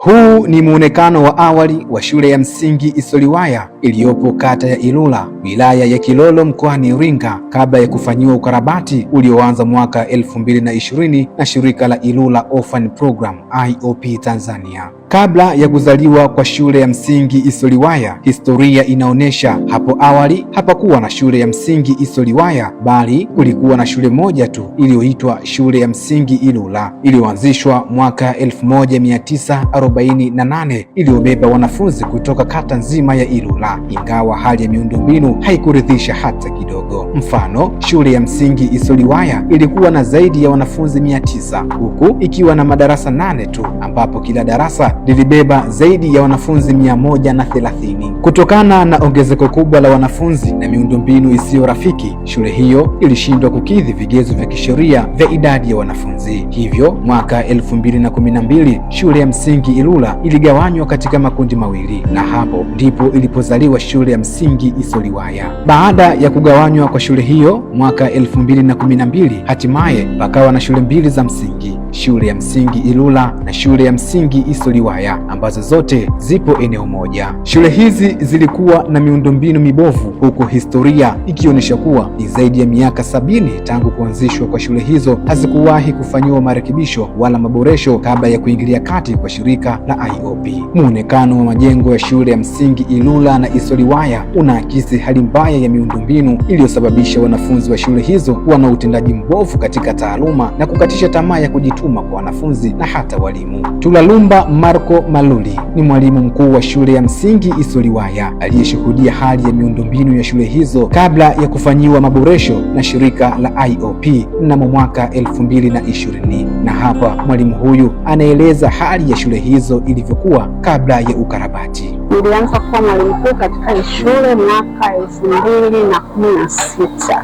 Huu ni muonekano wa awali wa shule ya msingi Isoliwaya iliyopo kata ya Ilula wilaya ya Kilolo mkoani Iringa kabla ya kufanyiwa ukarabati ulioanza mwaka 2020 na shirika la Ilula Orphan Program IOP Tanzania. Kabla ya kuzaliwa kwa shule ya msingi Isoliwaya, historia inaonyesha hapo awali hapakuwa na shule ya msingi Isoliwaya, bali kulikuwa na shule moja tu iliyoitwa shule ya msingi Ilula iliyoanzishwa mwaka 1948 iliyobeba wanafunzi kutoka kata nzima ya Ilula, ingawa hali ya miundombinu haikuridhisha hata kidogo. Mfano, shule ya msingi Isoliwaya ilikuwa na zaidi ya wanafunzi 900 huku ikiwa na madarasa nane tu ambapo kila darasa lilibeba zaidi ya wanafunzi 130. Kutokana na ongezeko kubwa la wanafunzi na miundombinu isiyo rafiki, shule hiyo ilishindwa kukidhi vigezo vya kisheria vya idadi ya wanafunzi. Hivyo mwaka 2012 shule ya msingi Ilula iligawanywa katika makundi mawili, na hapo ndipo ilipozaliwa shule ya msingi Isoliwaya. Baada ya kugawanywa kwa shule hiyo mwaka 2012, hatimaye pakawa na shule mbili za msingi, shule ya msingi Ilula na shule ya msingi Isoliwaya. Bugwaya ambazo zote zipo eneo moja. Shule hizi zilikuwa na miundombinu mibovu, huku historia ikionyesha kuwa ni zaidi ya miaka sabini tangu kuanzishwa kwa shule hizo hazikuwahi kufanyiwa marekebisho wala maboresho kabla ya kuingilia kati kwa shirika la IOP. Muonekano wa majengo ya shule ya msingi Ilula na Isoliwaya unaakisi hali mbaya ya miundombinu iliyosababisha wanafunzi wa shule hizo kuwa na utendaji mbovu katika taaluma na kukatisha tamaa ya kujituma kwa wanafunzi na hata walimu. Tulalumba Mar Mpako Maluli ni mwalimu mkuu wa shule ya msingi Isoliwaya aliyeshuhudia hali ya miundombinu ya shule hizo kabla ya kufanyiwa maboresho na shirika la IOP mnamo mwaka 2020 na hapa mwalimu huyu anaeleza hali ya shule hizo ilivyokuwa kabla ya ukarabati nilianza kuwa mwalimu mkuu katika shule mwaka elfu mbili na kumi na sita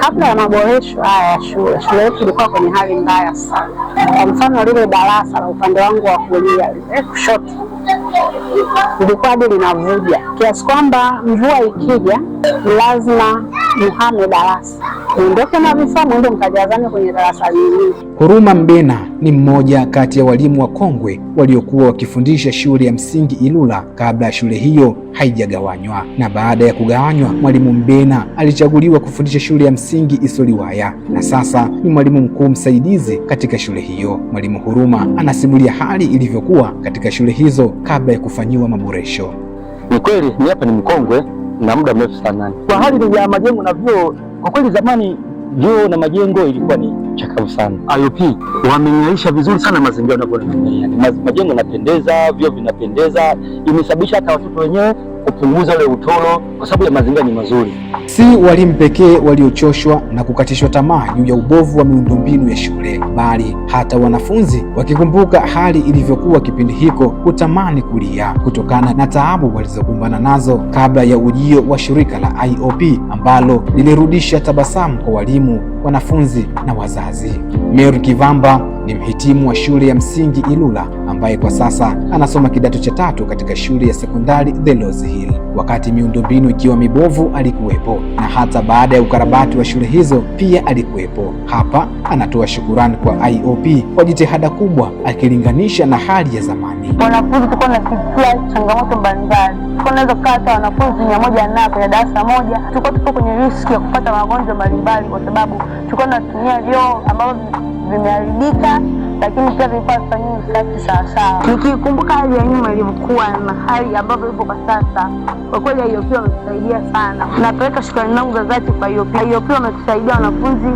kabla ya maboresho haya ya shule. Shule yetu ilikuwa kwenye hali mbaya sana. Kwa mfano, lile darasa la upande wangu wa kulia lile eh, kushoto lilikuwa hadi linavuja kiasi kwamba mvua ikija lazima muhame darasa, muondoke na vifaa, mwende mkajazane kwenye darasa lingine. Huruma Mbena ni mmoja kati ya walimu wakongwe waliokuwa wakifundisha shule ya msingi Ilula kabla ya shule hiyo haijagawanywa, na baada ya kugawanywa, mwalimu Mbena alichaguliwa kufundisha shule ya msingi Isoliwaya na sasa ni mwalimu mkuu msaidizi katika shule hiyo. Mwalimu Huruma anasimulia hali ilivyokuwa katika shule hizo kabla ya kufanyiwa maboresho. Ni kweli ni hapa ni mkongwe na muda mrefu sana. Kwa hali ya majengo na vyoo, kwa kweli zamani vyoo na majengo ilikuwa ni chakavu sana. IOP wameng'arisha vizuri sana mazingira, majengo yanapendeza, vyoo vinapendeza, imesababisha hata watoto wenyewe kupunguza ule utoro kwa sababu ya mazingira ni mazuri. Si walimu pekee waliochoshwa na kukatishwa tamaa juu ya ubovu wa miundombinu ya shule, bali hata wanafunzi wakikumbuka hali ilivyokuwa kipindi hiko hutamani kulia kutokana na taabu walizokumbana nazo kabla ya ujio wa shirika la IOP ambalo lilirudisha tabasamu kwa walimu, wanafunzi na wazazi. Mary Kivamba ni mhitimu wa shule ya msingi Ilula ambaye kwa sasa anasoma kidato cha tatu katika shule ya sekondari The Rose Hill. Wakati miundombinu ikiwa mibovu, alikuwepo na hata baada ya ukarabati wa shule hizo pia alikuwepo. Hapa anatoa shukurani kwa IOP kwa jitihada kubwa akilinganisha na hali ya zamani. Wanafunzi tulikuwa tunapitia changamoto mbalimbali, tunaweza kukata wanafunzi mia moja na kwenye darasa moja, tuko tuko kwenye riski ya kupata magonjwa mbalimbali, kwa sababu tulikuwa tunatumia vyoo ambavyo vimeharibika, lakini pia vilikuwa vifanyi usafi sawasawa. Nikikumbuka hali ya nyuma ilivyokuwa na hali ambavyo ipo kwa sasa, kwa kweli IOP wametusaidia sana. Napeleka shukrani zangu za dhati kwa IOP. IOP wametusaidia wanafunzi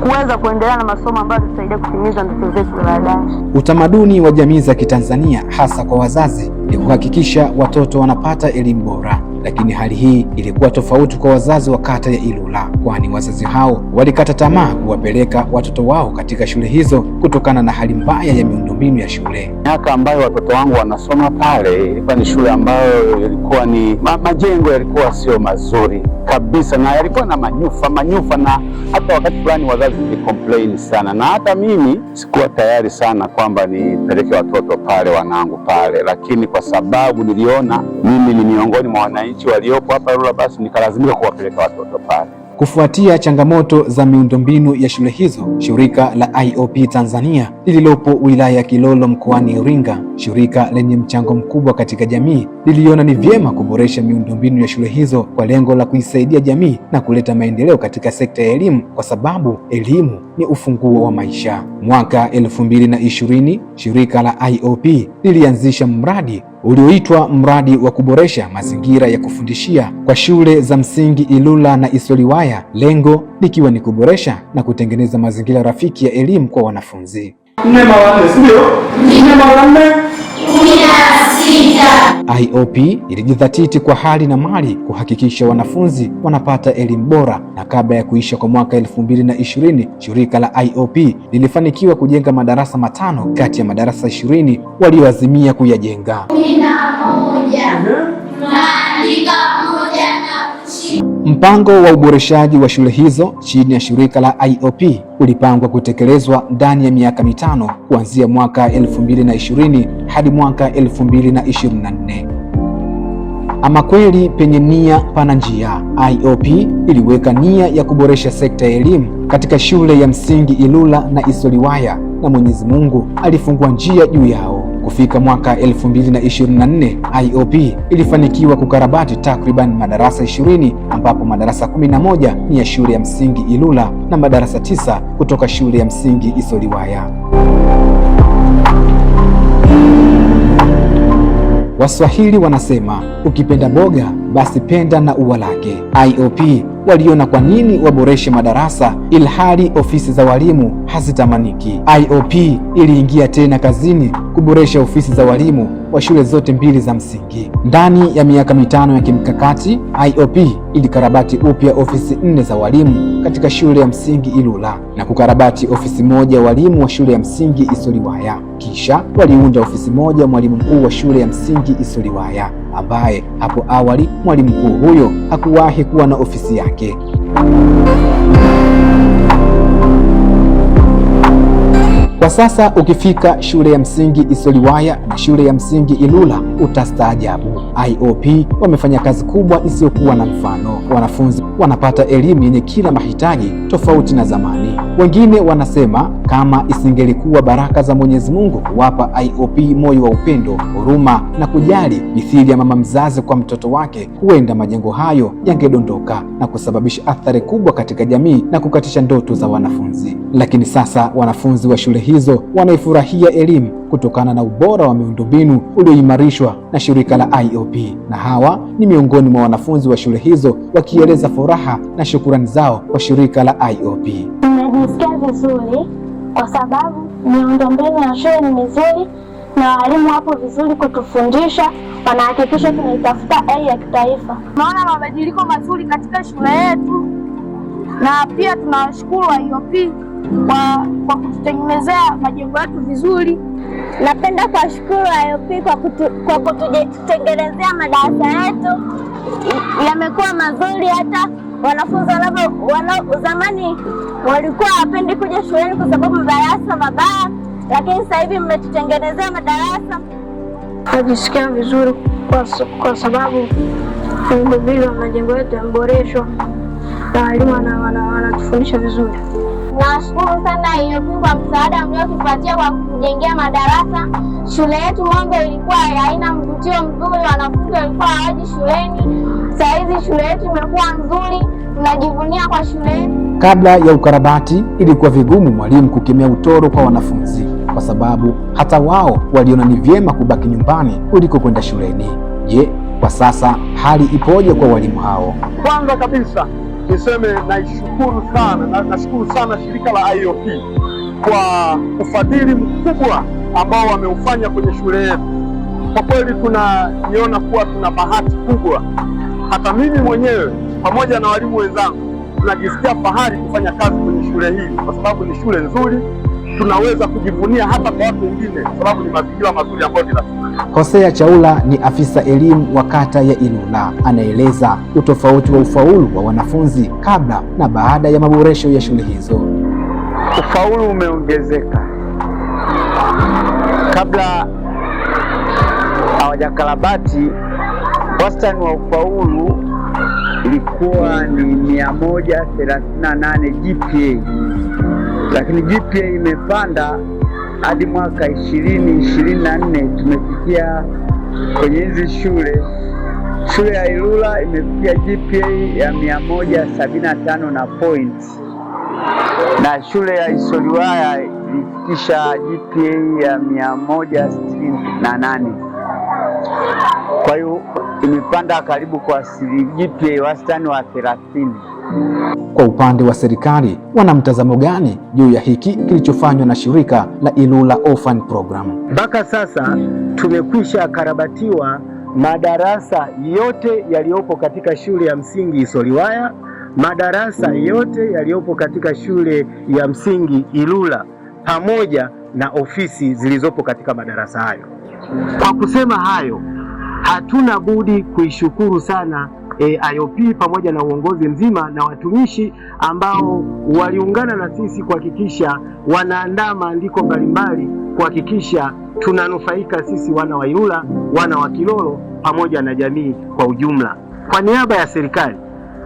kuweza kuendelea na masomo ambayo atusaidia kutimiza ndoto zetu za baadaye. Utamaduni wa jamii za Kitanzania hasa kwa wazazi ni kuhakikisha watoto wanapata elimu bora lakini hali hii ilikuwa tofauti kwa wazazi wa kata ya Ilula, kwani wazazi hao walikata tamaa kuwapeleka watoto wao katika shule hizo kutokana na hali mbaya ya miundombinu ya shule. Miaka ambayo watoto wangu wanasoma pale ilikuwa ni shule ambayo ilikuwa ni ma, majengo yalikuwa sio mazuri kabisa na yalikuwa na manyufa manyufa, na hata wakati fulani wazazi ni complain sana, na hata mimi sikuwa tayari sana kwamba nipeleke watoto pale wanangu pale, lakini kwa sababu niliona mimi ni miongoni mwa wananchi wananchi waliopo hapa Rula, basi nikalazimika kuwapeleka watoto pale. Kufuatia changamoto za miundombinu ya shule hizo, shirika la IOP Tanzania lililopo wilaya ya Kilolo mkoani Iringa, shirika lenye mchango mkubwa katika jamii, liliona ni vyema kuboresha miundombinu ya shule hizo kwa lengo la kuisaidia jamii na kuleta maendeleo katika sekta ya elimu, kwa sababu elimu ni ufunguo wa maisha. Mwaka 2020 shirika la IOP lilianzisha mradi ulioitwa mradi wa kuboresha mazingira ya kufundishia kwa shule za msingi Ilula na Isoliwaya, lengo likiwa ni kuboresha na kutengeneza mazingira rafiki ya elimu kwa wanafunzi. Nne mara nne, sio? Nne mara nne. IOP ilijidhatiti kwa hali na mali kuhakikisha wanafunzi wanapata elimu bora, na kabla ya kuisha kwa mwaka 2020 shirika la IOP lilifanikiwa kujenga madarasa matano kati ya madarasa 20 walioazimia kuyajenga. Mpango wa uboreshaji wa shule hizo chini ya shirika la IOP ulipangwa kutekelezwa ndani ya miaka mitano kuanzia mwaka 2020 hadi mwaka 2024. Ama kweli penye nia pana njia. IOP iliweka nia ya kuboresha sekta ya elimu katika shule ya msingi Ilula na Isoliwaya na Mwenyezi Mungu alifungua njia juu yao. Kufika mwaka 2024 IOP ilifanikiwa kukarabati takriban madarasa 20 ambapo madarasa 11 ni ya shule ya msingi Ilula na madarasa 9 kutoka shule ya msingi Isoliwaya. Waswahili wanasema ukipenda boga basi penda na ua lake. IOP waliona kwa nini waboreshe madarasa ilhali ofisi za walimu hazitamaniki. IOP iliingia tena kazini kuboresha ofisi za walimu wa shule zote mbili za msingi. Ndani ya miaka mitano ya kimkakati, IOP ilikarabati upya ofisi nne za walimu katika shule ya msingi Ilula na kukarabati ofisi moja ya walimu wa shule ya msingi Isoliwaya. Kisha waliunda ofisi moja mwalimu mkuu wa shule ya msingi Isoliwaya ambaye hapo awali mwalimu mkuu huyo hakuwahi kuwa na ofisi yake. Kwa sasa ukifika shule ya msingi Isoliwaya na shule ya msingi Ilula utastaajabu. IOP wamefanya kazi kubwa isiyokuwa na mfano. Wanafunzi wanapata elimu yenye kila mahitaji tofauti na zamani. Wengine wanasema kama isingelikuwa baraka za Mwenyezi Mungu kuwapa IOP moyo wa upendo, huruma na kujali mithili ya mama mzazi kwa mtoto wake, huenda majengo hayo yangedondoka na kusababisha athari kubwa katika jamii na kukatisha ndoto za wanafunzi. Lakini sasa wanafunzi wa shule hizo wanaifurahia elimu kutokana na ubora wa miundombinu ulioimarishwa na shirika la IOP, na hawa ni miongoni mwa wanafunzi wa shule hizo wakieleza furaha na shukurani zao kwa shirika la IOP nimesikia vizuri kwa sababu miundombinu ya shule ni mizuri na walimu wapo vizuri kutufundisha, wanahakikisha tunaitafuta A ya kitaifa. Tunaona mabadiliko mazuri katika shule yetu, na pia tunawashukuru IOP kwa, kwa kututengenezea majengo yetu vizuri. Napenda kuwashukuru IOP kwa, kutu, kwa kututengenezea madarasa yetu yamekuwa mazuri hata wanafunzi wanao, zamani walikuwa hawapendi kuja shuleni kwa sababu madarasa mabaya, lakini sasa hivi mmetutengenezea madarasa. Najisikia vizuri kwa, kwa sababu miundombinu ya majengo yetu yameboreshwa na walimu wanatufundisha vizuri. Nawashukuru sana IEAP kwa msaada mliotupatia kwa kujengea madarasa. Shule yetu Mwanzo ilikuwa haina mvutio mzuri, wanafunzi walikuwa hawaji shuleni. Saa hizi shule yetu imekuwa nzuri. Najivunia kwa shule. Kabla ya ukarabati, ilikuwa vigumu mwalimu kukemea utoro kwa wanafunzi, kwa sababu hata wao waliona ni vyema kubaki nyumbani kuliko kwenda shuleni. Je, kwa sasa hali ipoje kwa walimu hao? Kwanza kabisa niseme naishukuru sana na, nashukuru sana shirika la IOP kwa ufadhili mkubwa ambao wameufanya kwenye shule yetu. Kwa kweli tunaiona kuwa tuna bahati kubwa, hata mimi mwenyewe pamoja na walimu wenzangu tunajisikia fahari kufanya kazi kwenye shule hii, kwa sababu ni shule nzuri, tunaweza kujivunia hata kwa watu wengine, kwa sababu ni mazingira mazuri ambayo tunafanya. Hosea Chaula ni afisa elimu wa kata ya Ilula, anaeleza utofauti wa ufaulu wa wanafunzi kabla na baada ya maboresho ya shule hizo. Ufaulu umeongezeka kabla hawajakarabati, wastani wa ufaulu ilikuwa ni 138 GPA, lakini GPA imepanda hadi mwaka 2024 tumefikia kwenye hizi shule shule ya Ilula imefikia GPA ya 175 na point, na shule ya Isoliwaya ilifikisha GPA ya 168. Kwa hiyo imepanda karibu kwa sijipya wastani wa 30. Kwa upande wa serikali wana mtazamo gani juu ya hiki kilichofanywa na shirika la Ilula Orphan Program? Mpaka sasa tumekwisha karabatiwa madarasa yote yaliyopo katika shule ya msingi Isoliwaya, madarasa yote yaliyopo katika shule ya msingi Ilula pamoja na ofisi zilizopo katika madarasa hayo. Kwa kusema hayo hatuna budi kuishukuru sana e, IOP pamoja na uongozi mzima na watumishi ambao waliungana na sisi kuhakikisha wanaandaa maandiko mbalimbali kuhakikisha tunanufaika sisi wana wa Ilula, wana wa Kilolo pamoja na jamii kwa ujumla. Kwa niaba ya serikali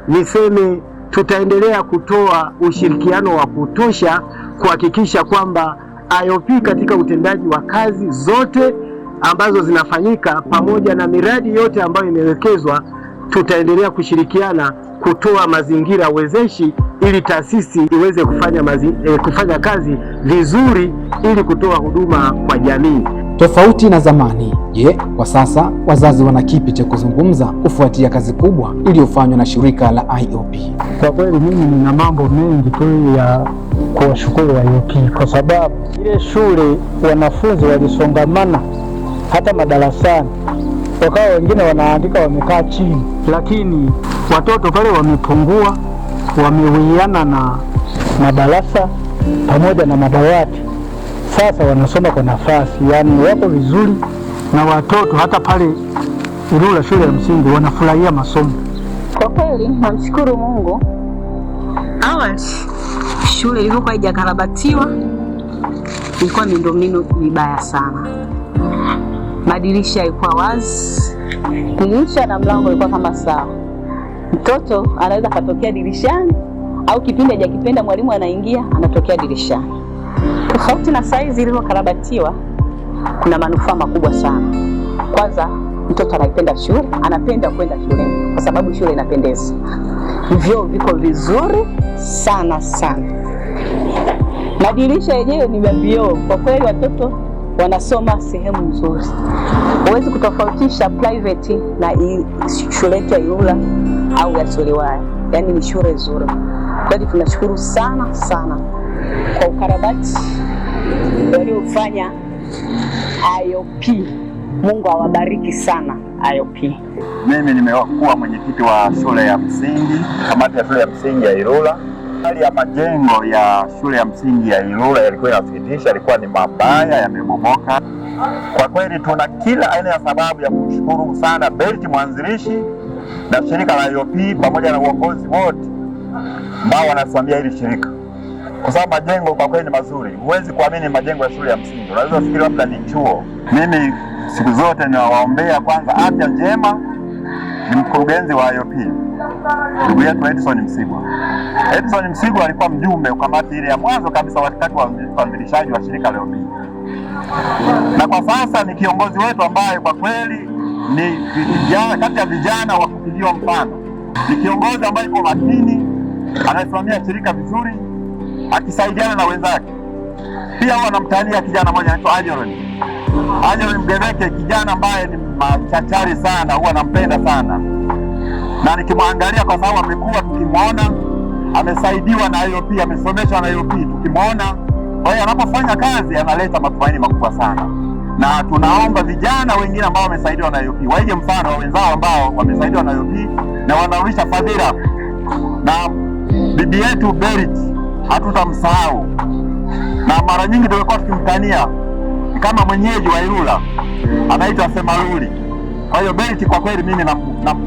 niseme tutaendelea kutoa ushirikiano wa kutosha kuhakikisha kwamba IOP katika utendaji wa kazi zote ambazo zinafanyika pamoja na miradi yote ambayo imewekezwa, tutaendelea kushirikiana kutoa mazingira wezeshi ili taasisi iweze kufanya, mazi, eh, kufanya kazi vizuri ili kutoa huduma kwa jamii. Tofauti na zamani, je, kwa sasa wazazi wana kipi cha kuzungumza kufuatia kazi kubwa iliyofanywa na shirika la IOP? Kwa kweli mimi nina mambo mengi tu ya kuwashukuru IOP kwa sababu ile shule wanafunzi walisongamana hata madarasani wakawa wengine wanaandika wamekaa chini, lakini watoto pale wamepungua, wamewiana na madarasa pamoja na madawati. Sasa wanasoma kwa nafasi, yaani wako vizuri na watoto hata pale Ilula shule ya msingi wanafurahia masomo. Kwa kweli namshukuru Mungu. Awali shule ilivyokuwa haijakarabatiwa ilikuwa miundombinu mibaya sana madirisha yalikuwa wazi, dirisha na mlango ulikuwa kama sawa. Mtoto anaweza katokea dirishani au kipindi hajakipenda mwalimu anaingia anatokea dirishani, tofauti na saizi ilivyokarabatiwa. Kuna manufaa makubwa sana. Kwanza, mtoto anaipenda shule, anapenda kwenda shule kwa sababu shule inapendeza. Vyoo viko vizuri sana sana, madirisha yenyewe ni ya vioo kwa kweli, watoto wanasoma sehemu nzuri. Huwezi kutofautisha private na shule yetu ya Ilula au ya Soliwaya, yaani ni shule nzuri kweli. Tunashukuru sana sana kwa ukarabati waliofanya IOP. Mungu awabariki sana IOP. Mimi nimekuwa mwenyekiti wa shule ya msingi, kamati ya shule ya msingi ya Ilula hali ya majengo ya shule ya msingi ya Ilula yalikuwa yanasikitisha, yalikuwa ni mabaya, yamebomoka. Kwa kweli tuna kila aina ya sababu ya kumshukuru sana Belt mwanzilishi na shirika la IOP pamoja na uongozi wote ambao wanasimamia hili shirika, kwa sababu majengo kwa kweli ni mazuri. Huwezi kuamini majengo ya shule ya msingi, unaweza kufikiri labda ni chuo. Mimi siku zote ninawaombea kwanza afya njema ni mkurugenzi wa IOP ndugu yetu Edison Msigwa. Edison Msigwa alikuwa mjumbe kamati ile ya mwanzo kabisa wakati wa uanzilishaji wa shirika la IOP, na kwa sasa ni kiongozi wetu ambaye kwa kweli ni vijana, kati ya vijana wa kupigiwa mfano. Ni kiongozi ambaye kwa makini anasimamia shirika vizuri, akisaidiana na wenzake. Pia huwa anamtania kijana mmoja anaitwa Ajeron Anjo ni mgeveke, kijana ambaye ni machachari sana, huwa nampenda sana na nikimwangalia, kwa sababu amekuwa tukimwona, amesaidiwa na IOP, amesomeshwa na IOP, tukimwona. Kwa hiyo anapofanya kazi analeta matumaini makubwa sana, na tunaomba vijana wengine ambao wamesaidiwa na IOP waige mfano wa wenzao ambao wamesaidiwa na IOP na wanarudisha fadhila, na bibi yetu Berit hatutamsahau, na mara nyingi tumekuwa tukimtania kama mwenyeji wa Ilula anaitwa Semaluli. Kwa hiyo Beti kwa kweli mimi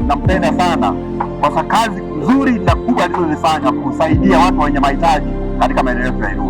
nampenda na, na sana kwa kazi nzuri na kubwa alizozifanya kusaidia watu wenye mahitaji katika maeneo yetu ya Ilula.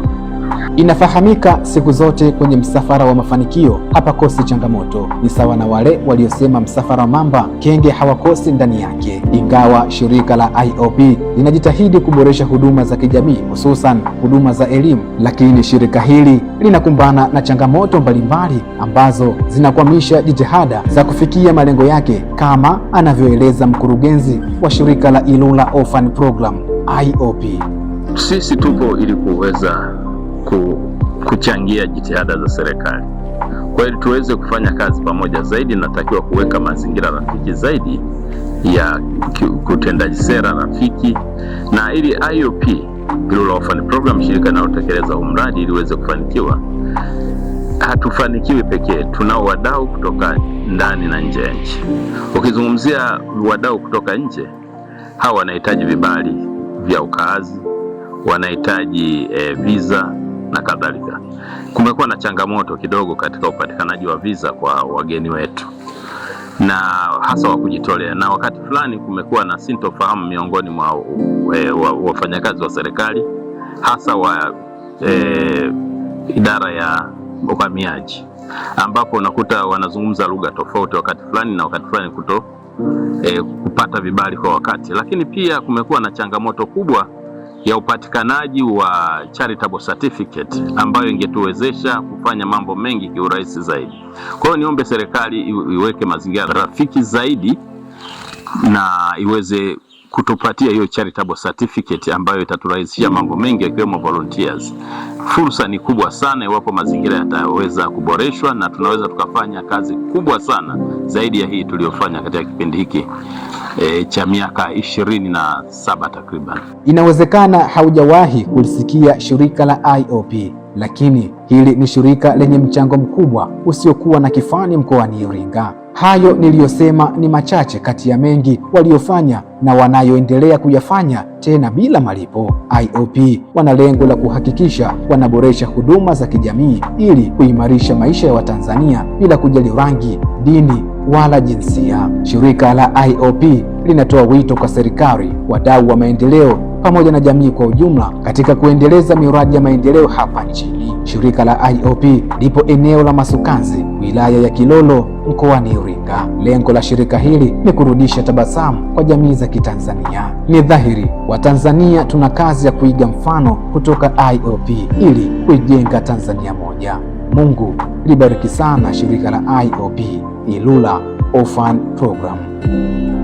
Inafahamika siku zote kwenye msafara wa mafanikio hapakosi changamoto. Ni sawa na wale waliosema msafara wa mamba kenge hawakosi ndani yake. Ingawa shirika la IOP linajitahidi kuboresha huduma za kijamii, hususan huduma za elimu, lakini shirika hili linakumbana na changamoto mbalimbali ambazo zinakwamisha jitihada za kufikia malengo yake, kama anavyoeleza mkurugenzi wa shirika la Ilula Orphan Program IOP. Sisi tupo ili kuweza kuchangia jitihada za serikali. Kwa hiyo tuweze kufanya kazi pamoja zaidi, natakiwa kuweka mazingira rafiki zaidi ya kutendaji sera rafiki, na ili IOP of Fund Program, shirika linalotekeleza huu mradi, ili uweze kufanikiwa, hatufanikiwi pekee, tunao wadau kutoka ndani na nje ya nchi. Ukizungumzia wadau kutoka nje, hawa wanahitaji vibali vya ukaazi, wanahitaji eh, visa na kadhalika. Kumekuwa na changamoto kidogo katika upatikanaji wa visa kwa wageni wetu na hasa wa kujitolea, na wakati fulani kumekuwa na sintofahamu miongoni mwa wafanyakazi wa serikali hasa wa e, idara ya uhamiaji ambapo unakuta wanazungumza lugha tofauti wakati fulani na wakati fulani kuto e, kupata vibali kwa wakati, lakini pia kumekuwa na changamoto kubwa ya upatikanaji wa charitable certificate ambayo ingetuwezesha kufanya mambo mengi kiurahisi zaidi. Kwa hiyo niombe serikali iweke mazingira rafiki zaidi na iweze kutupatia hiyo charitable certificate ambayo itaturahisishia mambo mengi yakiwemo volunteers. Fursa ni kubwa sana iwapo mazingira yataweza kuboreshwa, na tunaweza tukafanya kazi kubwa sana zaidi ya hii tuliyofanya katika kipindi hiki e, cha miaka ishirini na saba takriban. Inawezekana haujawahi kulisikia shirika la IOP, lakini hili ni shirika lenye mchango mkubwa usiokuwa na kifani mkoani Iringa. Hayo niliyosema ni machache kati ya mengi waliofanya na wanayoendelea kuyafanya tena bila malipo. IOP wana lengo la kuhakikisha wanaboresha huduma za kijamii ili kuimarisha maisha ya Watanzania bila kujali rangi, dini wala jinsia. Shirika la IOP linatoa wito kwa serikali, wadau wa maendeleo pamoja na jamii kwa ujumla katika kuendeleza miradi ya maendeleo hapa nchini. Shirika la IOP lipo eneo la Masukanzi, wilaya ya Kilolo, mkoani Iringa. Lengo la shirika hili ni kurudisha tabasamu kwa jamii za Kitanzania. Ni dhahiri Watanzania tuna kazi ya kuiga mfano kutoka IOP ili kuijenga Tanzania moja. Mungu libariki sana shirika la IOP. Ilula Orphan Program.